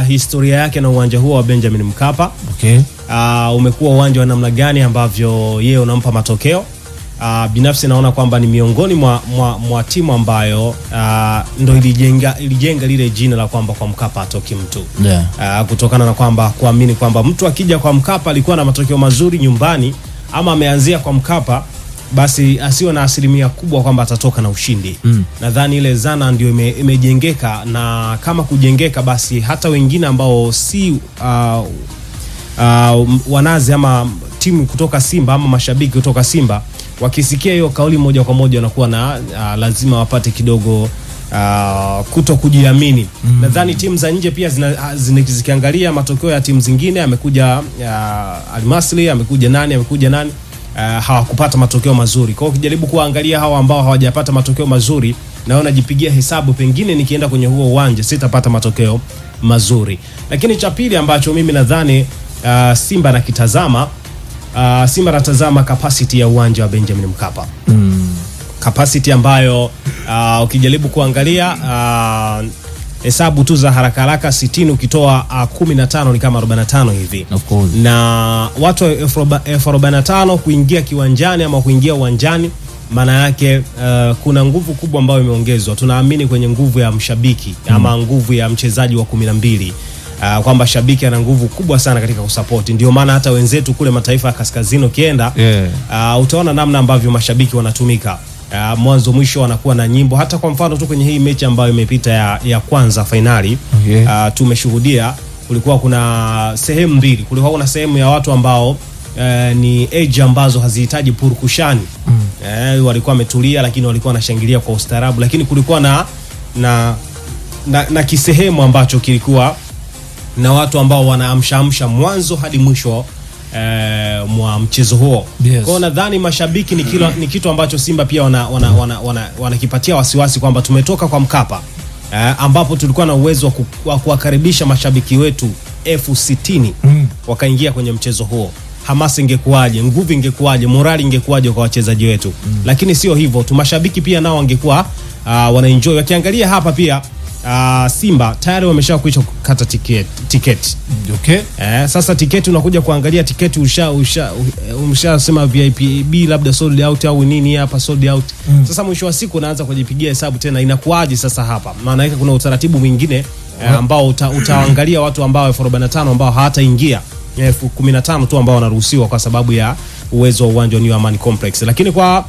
uh, historia yake na uwanja huo wa Benjamin Mkapa okay. Uh, umekuwa uwanja wa namna gani ambavyo yeye unampa matokeo? Uh, binafsi naona kwamba ni miongoni mwa, mwa, mwa timu ambayo uh, ah, ndo ilijenga, ilijenga lile jina la kwamba kwa Mkapa atoki mtu yeah. Uh, kutokana na kwamba kuamini kwamba mtu akija kwa Mkapa alikuwa na matokeo mazuri nyumbani ama ameanzia kwa Mkapa basi asiwe na asilimia kubwa kwamba atatoka na ushindi mm. Nadhani ile zana ndio ime, imejengeka na kama kujengeka, basi hata wengine ambao si uh, uh, wanazi ama timu kutoka Simba ama mashabiki kutoka Simba wakisikia hiyo kauli moja kwa moja wanakuwa na uh, lazima wapate kidogo Uh, kuto kujiamini mm. Nadhani timu za nje pia zina, zikiangalia matokeo ya timu zingine amekuja uh, almasli amekuja nani amekuja nani uh, hawakupata matokeo mazuri. Kwa hiyo ukijaribu kuangalia hawa ambao hawajapata matokeo mazuri, na unajipigia hesabu, pengine nikienda kwenye huo uwanja sitapata matokeo mazuri. Lakini cha pili ambacho mimi nadhani uh, Simba nakitazama uh, Simba natazama capacity ya uwanja wa Benjamin Mkapa mm. capacity ambayo uh, ukijaribu kuangalia uh, hesabu tu za haraka haraka 60 ukitoa 15 ah, ni kama 45 hivi, Na watu elfu 45 kuingia kiwanjani ama kuingia uwanjani maana yake uh, kuna nguvu kubwa ambayo imeongezwa. Tunaamini kwenye nguvu ya mshabiki mm, ama nguvu ya mchezaji wa 12 uh, ah, kwamba shabiki ana nguvu kubwa sana katika kusapoti. Ndio maana hata wenzetu kule mataifa ya kaskazini ukienda, yeah, uh, utaona namna ambavyo mashabiki wanatumika uh, mwanzo mwisho wanakuwa na nyimbo. Hata kwa mfano tu kwenye hii mechi ambayo imepita ya, ya kwanza fainali okay. uh, tumeshuhudia kulikuwa kuna sehemu mbili, kulikuwa kuna sehemu ya watu ambao Uh, ni age ambazo hazihitaji purukushani mm. uh, walikuwa wametulia, lakini walikuwa wanashangilia kwa ustaarabu, lakini kulikuwa na na, na, na kisehemu ambacho kilikuwa na watu ambao wanaamshaamsha mwanzo hadi mwisho eh, mwa mchezo huo yes. Kwao nadhani mashabiki ni, kilo, ni kitu ambacho Simba pia wanakipatia wana, wana, wana, wana wasiwasi kwamba tumetoka kwa Mkapa eh, ambapo tulikuwa na uwezo wa kuwakaribisha mashabiki wetu elfu sitini mm. wakaingia kwenye mchezo huo hamasa ingekuwaje, nguvu ingekuwaje, morali ingekuwaje kwa wachezaji wetu mm. Lakini sio hivyo tu, mashabiki pia nao wangekuwa uh, wanaenjoy wakiangalia hapa pia uh, Simba tayari wamesha kuisha kukata tiketi tiketi. Okay. Eh, sasa tiketi unakuja kuangalia tiketi usha usha umshasema VIP B labda sold out au nini hapa sold out. Mm. Sasa mwisho wa siku unaanza kujipigia hesabu tena inakuaje sasa hapa? Maana yake kuna utaratibu mwingine eh, ambao uta, utaangalia watu ambao elfu ambao hawataingia elfu kumi na tu ambao wanaruhusiwa kwa sababu ya uwezo wa uwanja wa Amani Complex, lakini kwa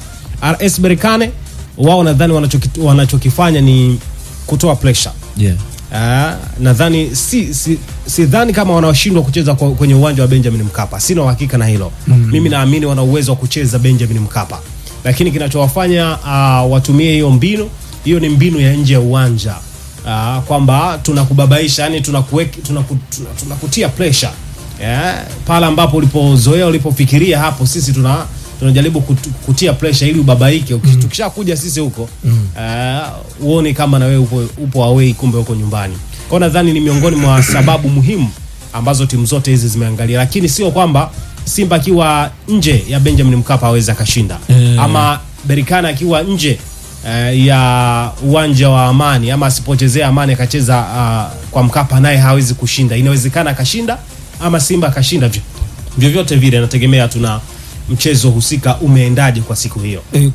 RS berikane wao nadhani wanachokifanya ni kutoa pressure yeah. Uh, nadhani si, si, si dhani kama wanashindwa kucheza kwenye uwanja wa Benjamin Mkapa, sina uhakika na hilo mm -hmm. Mimi naamini wana uwezo wa kucheza Benjamin Mkapa, lakini kinachowafanya uh, watumie hiyo mbinu hiyo ni mbinu ya nje ya uwanja uh, kwamba tunakubabaisha, yani tunakuweka, tuna tuna pressure yeah, pale ambapo ulipozoea ulipofikiria hapo sisi tuna tunajaribu kutia pressure ili ubabaike. mm. Tukishakuja sisi huko mm. uh, uone kama na wewe upo, upo awei kumbe huko nyumbani kwao. Nadhani ni miongoni mwa sababu muhimu ambazo timu zote hizi zimeangalia, lakini sio kwamba Simba akiwa nje ya Benjamin Mkapa aweza akashinda mm. ama Berikana akiwa nje uh, ya uwanja wa Amani ama asipochezea Amani akacheza uh, kwa Mkapa naye hawezi kushinda. Inawezekana akashinda ama Simba akashinda, vyovyote vile nategemea tuna mchezo husika umeendaje kwa siku hiyo? Eh,